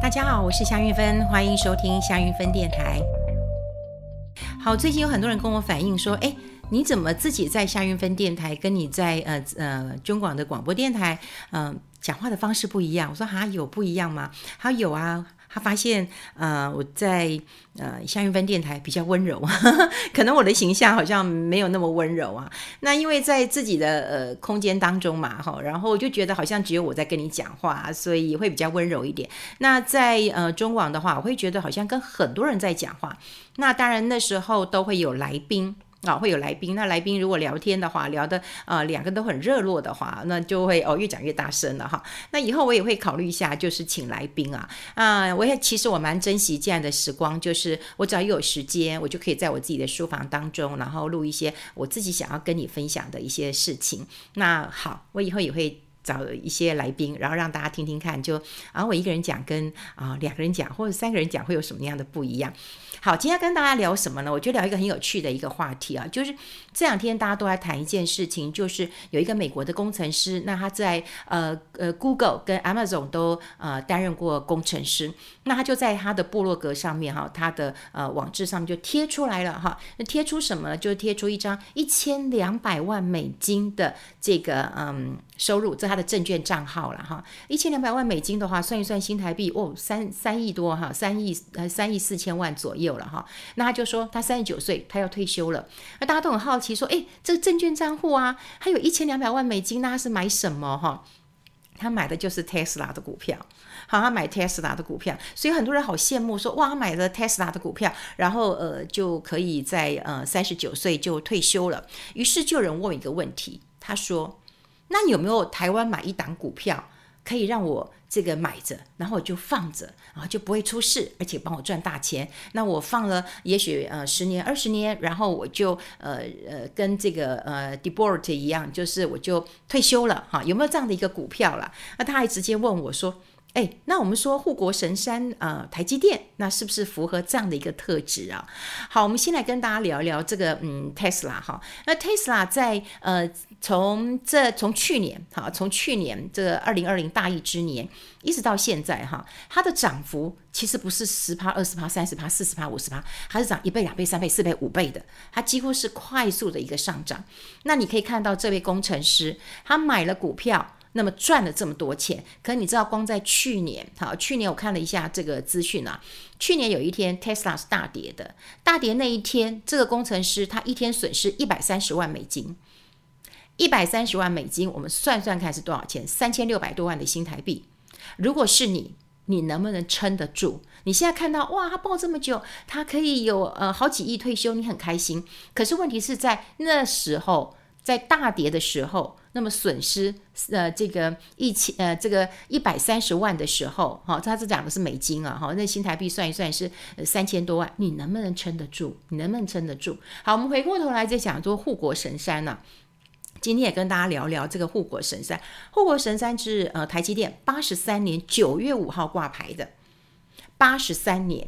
大家好，我是夏韻芬，歡迎收聽夏韻芬電台。好，最近有很多人跟我反映說，哎，你怎麼自己在夏韻芬電台跟你在呃呃中廣的廣播電台嗯、呃、講話的方式不一樣？我說哈、啊、有不一樣嗎？他、啊、說有啊。他發現，呃，我在呃，夏韻芬電台比較溫柔呵呵，可能我的形象好像沒有那麼溫柔啊。那因為在自己的呃空間當中嘛，哈，然後我就覺得好像只有我在跟你講話，所以會比較溫柔一點。那在呃中網的話，我會覺得好像跟很多人在講話。那當然那時候都會有來賓。啊、哦，會有來賓。那來賓如果聊天的話，聊得呃，兩個都很熱絡的話，那就會哦，越講越大聲了哈。那以後我也會考慮一下，就是請來賓啊啊、呃，我也其實我蠻珍惜這樣的時光，就是我只要一有時間，我就可以在我自己的書房當中，然後錄一些我自己想要跟你分享的一些事情。那好，我以後也會。找一些來賓，然後讓大家聽聽看，就啊，我一個人講跟啊、呃、兩個人講或者三個人講會有什麼樣的不一樣？好，今天跟大家聊什麼呢？我就聊一個很有趣的一個話題啊，就是這兩天大家都在談一件事情，就是有一個美國的工程師，那他在呃呃 Google 跟 Amazon 都呃擔任過工程師，那他就在他的部落格上面哈、啊，他的呃網誌上面就貼出來了哈，那貼出什麼呢？就貼出一張一千兩百萬美金的這個嗯。收入，這是他的證券賬號了哈，一千兩百萬美金的話，算一算新台幣哦，三三億多哈，三億呃三億四千萬左右了哈。那他就說他三十九歲，他要退休了。那大家都很好奇說，誒，這證券賬戶啊，還有一千兩百萬美金，那他是買什麼哈？他買的就是特斯拉的股票，好，他買特斯拉的股票，所以很多人好羨慕說哇，他買了特斯拉的股票，然後呃就可以在呃三十九歲就退休了。於是就有人問一個問題，他說。那有沒有台灣買一檔股票，可以讓我這個買着，然後我就放着，然後就不會出事，而且幫我賺大錢？那我放了也，也許呃十年、二十年，然後我就呃呃跟這個呃 DeBolt 一樣，就是我就退休了哈、啊？有沒有這樣的一個股票了？那他還直接問我說。哎，那我們說護國神山啊、呃，台積電，那是不是符合這樣的一個特質啊？好，我們先來跟大家聊一聊這個嗯，特斯拉。哈，那特斯拉在呃，從這從去年哈，從去年這個二零二零大疫之年一直到現在哈，它的漲幅其實不是十趴、二十趴、三十趴、四十趴、五十趴，它是漲一倍、兩倍、三倍、四倍、五倍的，它幾乎是快速的一個上漲。那你可以看到這位工程師，他買了股票。那麼賺了這麼多錢，可你知道，光在去年，好，去年我看了一下這個資訊啊。去年有一天，特斯拉是大跌的，大跌那一天，這個工程師他一天損失一百三十萬美金，一百三十萬美金，我們算算看是多少錢？三千六百多萬的新台幣。如果是你，你能不能撐得住？你現在看到，哇，他抱這麼久，他可以有呃好幾億退休，你很開心。可是問題是在那時候，在大跌的時候。那麼損失呃這個一千呃這個一百三十萬的時候，好、哦，它是講的是美金啊，好、哦，那新台幣算一算是三千多萬，你能不能撐得住？你能不能撐得住？好，我們回過頭來再講說護國神山呢、啊。今天也跟大家聊聊這個護國神山。護國神山是呃台積電八十三年九月五號掛牌的，八十三年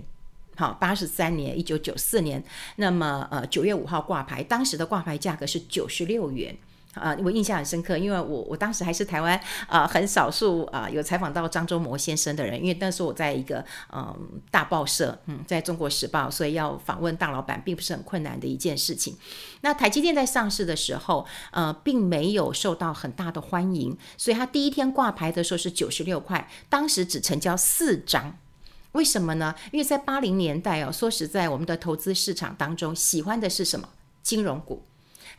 好，八十三年一九九四年，那麼呃九月五號掛牌，當時的掛牌價格是九十六元。啊、呃，我印象很深刻，因為我我當時還是台灣啊、呃、很少數啊、呃、有採訪到張忠謀先生的人，因為那時候，我在一個嗯、呃、大報社，嗯，在中國時報，所以要訪問大老闆，並不是很困難的一件事情。那台積電在上市的時候，呃，並沒有受到很大的歡迎，所以它第一天掛牌的時候是九十六塊，當時只成交四張，為什麼呢？因為在八零年代哦，說實在，我們的投資市場當中，喜歡的是什麼？金融股。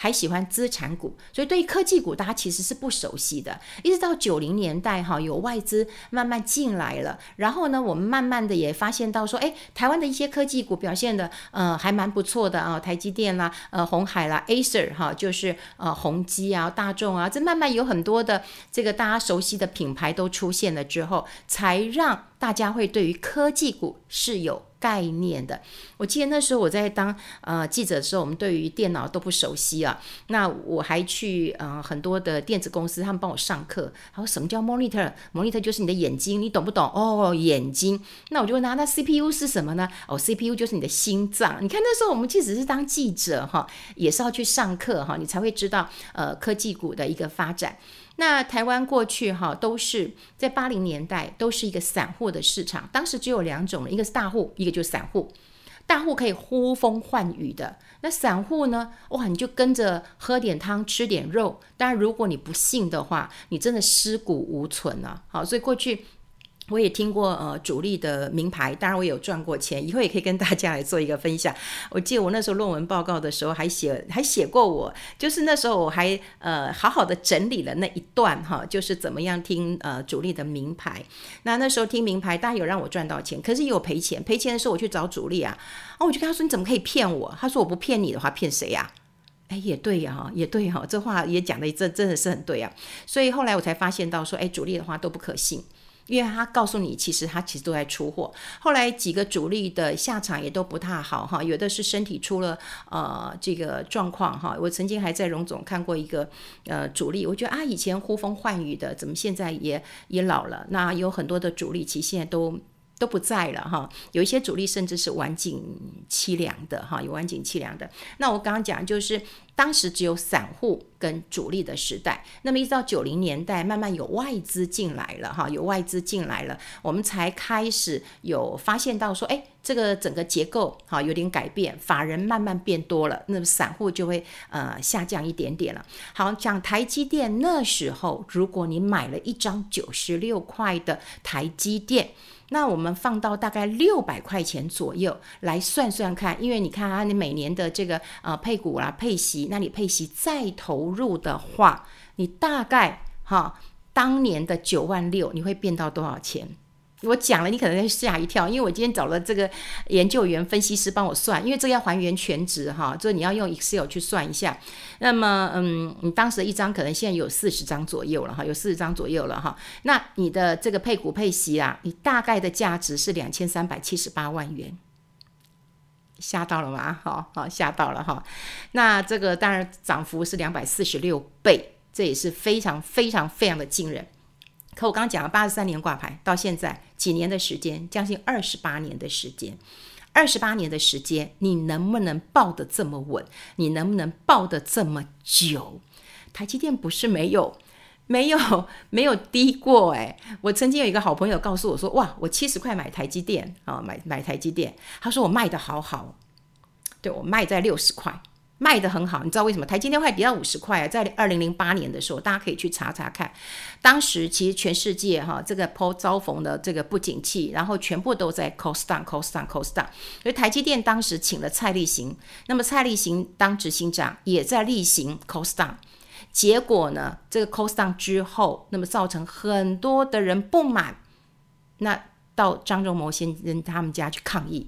還喜歡資產股，所以對科技股大家其實是不熟悉的。一直到九零年代哈，有外資慢慢進來了，然後呢，我們慢慢的也發現到說，誒，台灣的一些科技股表現得，呃，還蠻不錯的啊，台積電啦、啊呃啊啊就是，呃，鴻海啦 ACER 哈，就是呃，宏碁啊，大眾啊，這慢慢有很多的這個大家熟悉的品牌都出現了之後，才讓。大家會對於科技股是有概念的。我記得那時候我在當呃記者的時候，我們對於電腦都不熟悉啊。那我還去呃很多的電子公司，他們幫我上課。他說什麼叫 monitor？monitor monitor 就是你的眼睛，你懂不懂？哦，眼睛。那我就問他，那 CPU 是什麼呢？哦，CPU 就是你的心臟。你看那時候我們即使是當記者哈，也是要去上課哈，你才會知道呃科技股的一個發展。那台灣過去哈都是在八零年代，都是一個散戶的市場，當時只有兩種，一個是大戶，一個就是散戶。大戶可以呼風喚雨的，那散戶呢？哇，你就跟着喝點湯吃點肉。當然，如果你不信的話，你真的屍骨無存啊！好，所以過去。我也聽過呃主力的名牌，當然我有賺過錢，以後也可以跟大家來做一個分享。我記得我那時候論文報告的時候還寫還寫過我，就是那時候我還呃好好的整理了那一段哈，就是怎麼樣聽呃主力的名牌。那那時候聽名牌，當然有讓我賺到錢，可是也有賠錢。賠錢的時候我去找主力啊，啊、哦、我就跟他說你怎麼可以騙我？他說我不騙你的話騙誰呀、啊？哎也對啊，也對哈、啊，這話也講的真真的是很對啊。所以後來我才發現到說，哎主力的話都不可信。因為他告訴你，其實他其實都在出貨。後來幾個主力的下場也都不太好哈，有的是身體出了呃這個狀況哈。我曾經還在榮總看過一個呃主力，我覺得啊以前呼風喚雨的，怎麼現在也也老了？那有很多的主力，其實現在都都不在了哈，有一些主力甚至是晚景淒涼的哈，有晚景淒涼的。那我剛剛講就是。當時只有散戶跟主力的時代，那麼一直到九零年代，慢慢有外資進來了哈，有外資進來了，我們才開始有發現到說，哎，這個整個結構哈有點改變，法人慢慢變多了，那麼散戶就會呃下降一點點了。好，講台積電那時候，如果你買了一張九十六塊的台積電，那我們放到大概六百塊錢左右來算算看，因為你看啊，你每年的這個呃配股啊配息。那你配息再投入的話，你大概哈當年的九萬六，你會變到多少錢？我講了，你可能會嚇一跳，因為我今天找了這個研究員分析師幫我算，因為這個要還原全值哈，所以你要用 Excel 去算一下。那麼，嗯，你當時一張可能現在有四十張左右了哈，有四十張左右了哈。那你的這個配股配息啊，你大概的價值是兩千三百七十八萬元。嚇到了嗎？好好嚇到了哈！那這個當然漲幅是兩百四十六倍，這也是非常非常非常的驚人。可我剛講了，八十三年掛牌，到現在幾年的時間，將近二十八年的時間，二十八年的時間，你能不能抱得這麼穩？你能不能抱得這麼久？台積電不是沒有。沒有沒有低過哎、欸！我曾經有一個好朋友告訴我說：“哇，我七十塊買台積電啊，買買台積電。”他說我賣得好好，對我賣在六十塊，賣得很好。你知道為什麼台積電會跌到五十塊、啊？在二零零八年的時候，大家可以去查查看。當時其實全世界哈、啊，這個波遭逢的這個不景氣，然後全部都在 cost down，cost down，cost down。所以台積電當時請了蔡力行，那麼蔡力行當執行長也在力行 cost down。結果呢？這個 cost down 之後，那麼造成很多的人不滿，那到張忠謀先生他們家去抗議。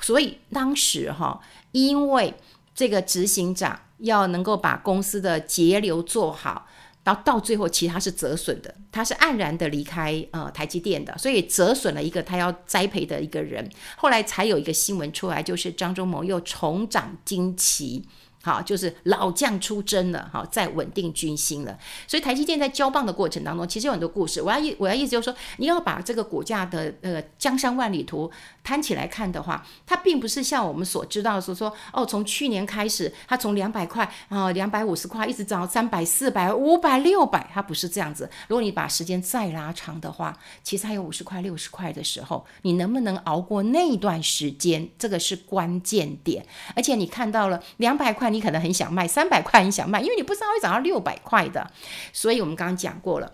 所以當時哈、哦，因為這個執行長要能夠把公司的節流做好，然後到，到最後，其實他是折損的，他是黯然的離開呃台積電的，所以折損了一個他要栽培的一個人。後來才有一個新聞出來，就是張忠謀又重掌金旗。好，就是老將出征了，哈，再穩定軍心了。所以台積電在交棒的過程當中，其實有很多故事。我要意我要意思就是說，你要把這個股價的呃江山萬里圖攤起來看的話，它並不是像我們所知道的說，說哦，從去年開始，它從兩百塊啊，兩百五十塊一直漲到三百、四百、五百、六百，它不是這樣子。如果你把時間再拉長的話，其實還有五十塊、六十塊的時候，你能不能熬過那一段時間，這個是關鍵點。而且你看到了兩百塊。你可能很想賣三百塊，很想賣，因為你不知道會漲到六百塊的。所以，我們剛剛講過了，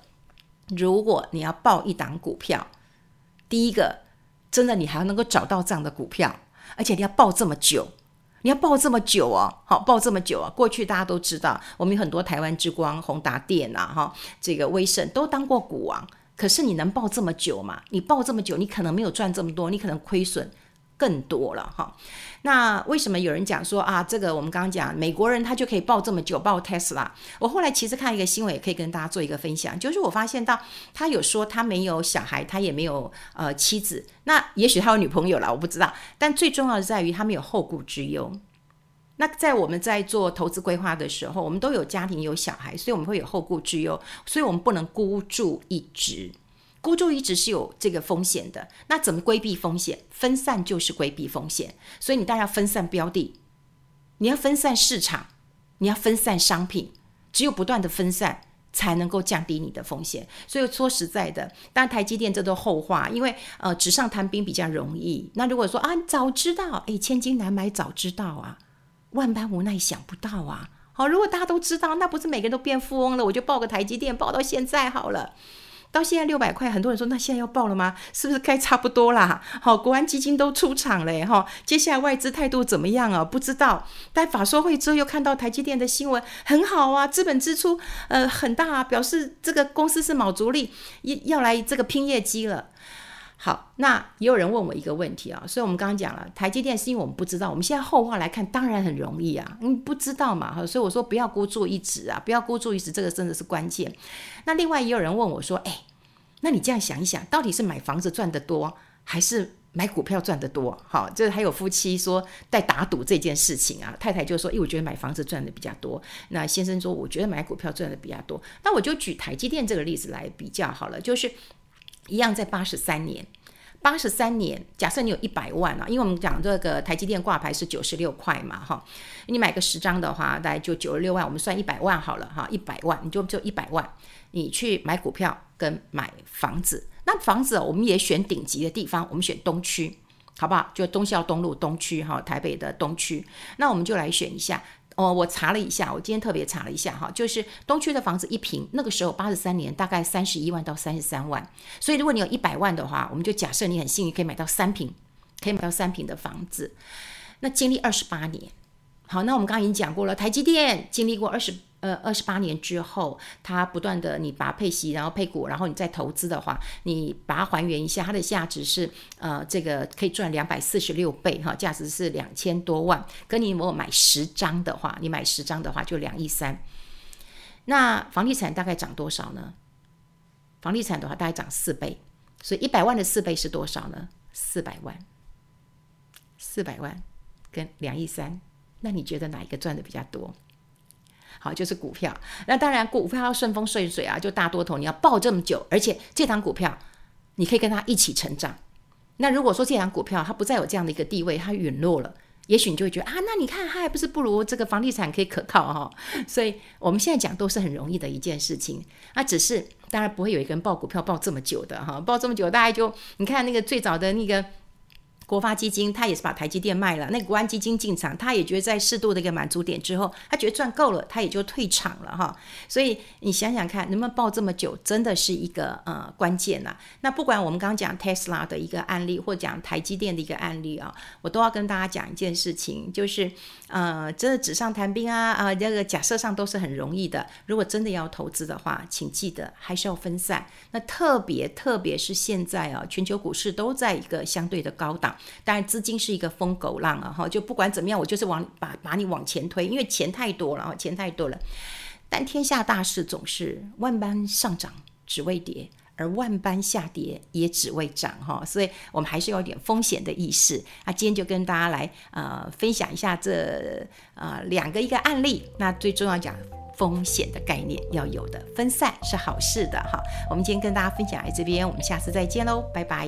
如果你要抱一檔股票，第一個，真的你還要能夠找到這樣的股票，而且你要抱這麼久，你要抱這麼久哦，好，抱這麼久啊。過去大家都知道，我們有很多台灣之光、宏達電啊，哈，這個威盛都當過股王。可是你能抱這麼久嗎？你抱這麼久，你可能沒有賺這麼多，你可能虧損更多了哈，那為什麼有人講說啊，這個我們剛剛講美國人他就可以抱這麼久，抱特斯拉。我後來其實看一個新聞，也可以跟大家做一個分享，就是我發現到他有說他沒有小孩，他也沒有呃妻子，那也許他有女朋友了，我不知道。但最重要的是在於他沒有後顧之憂。那在我們在做投資規劃的時候，我們都有家庭、有小孩，所以我們會有後顧之憂，所以我們不能孤注一擲。孤注一擲是有這個風險的，那怎麼規避風險？分散就是規避風險，所以你大家要分散標的，你要分散市場，你要分散商品，只有不斷的分散才能夠降低你的風險。所以說實在的，當然台積電這都後話，因為呃紙上談兵比較容易。那如果說啊你早知道，誒，千金難買早知道啊，萬般無奈想不到啊。好，如果大家都知道，那不是每個人都變富翁了，我就抱個台積電抱到現在好了。到現在六百塊，很多人說那現在要報了嗎？是不是該差不多啦？好、哦，國安基金都出場嘞哈、欸哦，接下來外資態度怎麼樣啊？不知道。但法說會之後又看到台積電的新聞，很好啊，資本支出呃很大、啊，表示這個公司是卯足力要要來這個拼業績了。好，那也有人問我一個問題啊，所以我們剛剛講了台積電是因為我們不知道，我們現在後話來看當然很容易啊，嗯，不知道嘛哈，所以我說不要孤注一擲啊，不要孤注一擲，這個真的是關鍵。那另外也有人問我說，欸，那你這樣想一想，到底是買房子賺得多，還是買股票賺得多？哈，這還有夫妻說在打賭這件事情啊，太太就說，欸，我覺得買房子賺得比較多，那先生說，我覺得買股票賺得比較多，那我就舉台積電這個例子來比較好了，就是。一樣在八十三年，八十三年。假設你有一百萬啊，因為我們講這個台積電掛牌是九十六塊嘛，哈，你買個十張的話，大概就九十六萬。我們算一百萬好了哈，一百萬，你就就一百萬，你去買股票跟買房子。那房子我們也選頂級的地方，我們選東區，好不好？就忠孝東路東區哈，台北的東區。那我們就來選一下。哦，我查了一下，我今天特別查了一下哈，就是東區的房子一坪那個時候八十三年大概三十一萬到三十三萬，所以如果你有一百萬的話，我們就假設你很幸運可以買到三坪，可以買到三坪的房子，那經歷二十八年，好，那我們剛剛已經講過了，台積電經歷過二十八年。呃，二十八年之後，它不斷的你把它配息，然後配股，然後你再投資的話，你把它還原一下，它的價值是呃，這個可以賺兩百四十六倍哈，價值是兩千多萬。跟你有沒有買十張的話，你買十張的話就兩億三。那房地產大概漲多少呢？房地產的話大概漲四倍，所以一百萬的四倍是多少呢？四百萬。四百萬跟兩億三，那你覺得哪一個賺的比較多？好，就是股票。那當然，股票要順風順水啊，就大多頭，你要抱這麼久，而且這檔股票你可以跟它一起成長。那如果說這檔股票它不再有這樣的一個地位，它隕落了，也許你就會覺得啊，那你看它還不是不如這個房地產可以可靠哈？所以我們現在講都是很容易的一件事情，那只是當然不會有一個人抱股票抱這麼久的哈，抱這麼久，大家就你看那個最早的那個。國發基金他也是把台積電賣了，那個、國安基金進場，他也覺得在適度的一個滿足點之後，他覺得賺夠了，他也就退場了哈。所以你想想看，能不能抱這麼久，真的是一個呃關鍵吶、啊。那不管我們剛剛講 Tesla 的一個案例，或講台積電的一個案例啊，我都要跟大家講一件事情，就是呃，真的紙上談兵啊啊、呃，這個假設上都是很容易的。如果真的要投資的話，請記得還是要分散。那特別特別是現在啊，全球股市都在一個相對的高檔。當然，資金是一個瘋狗浪啊，哈，就不管怎麼樣，我就是往把把你往前推，因為錢太多了，哈，錢太多了。但天下大事總是萬般上漲只為跌，而萬般下跌也只為漲，哈，所以我們還是有點風險的意識。那、啊、今天就跟大家來呃分享一下這呃兩個一個案例，那最重要講風險的概念要有的，分散是好事的，哈。我們今天跟大家分享來這邊，我們下次再見嘍，拜拜。